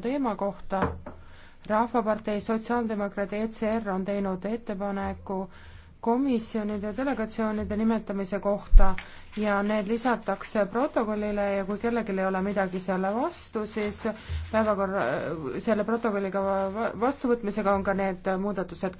teema kohta. rahvapartei Sotsiaaldemokraadi ECR on teinud ettepaneku komisjonide delegatsioonide nimetamise kohta ja need lisatakse protokollile ja kui kellelgi ei ole midagi selle vastu, siis päevakorra, selle protokolliga vastuvõtmisega on ka need muudatused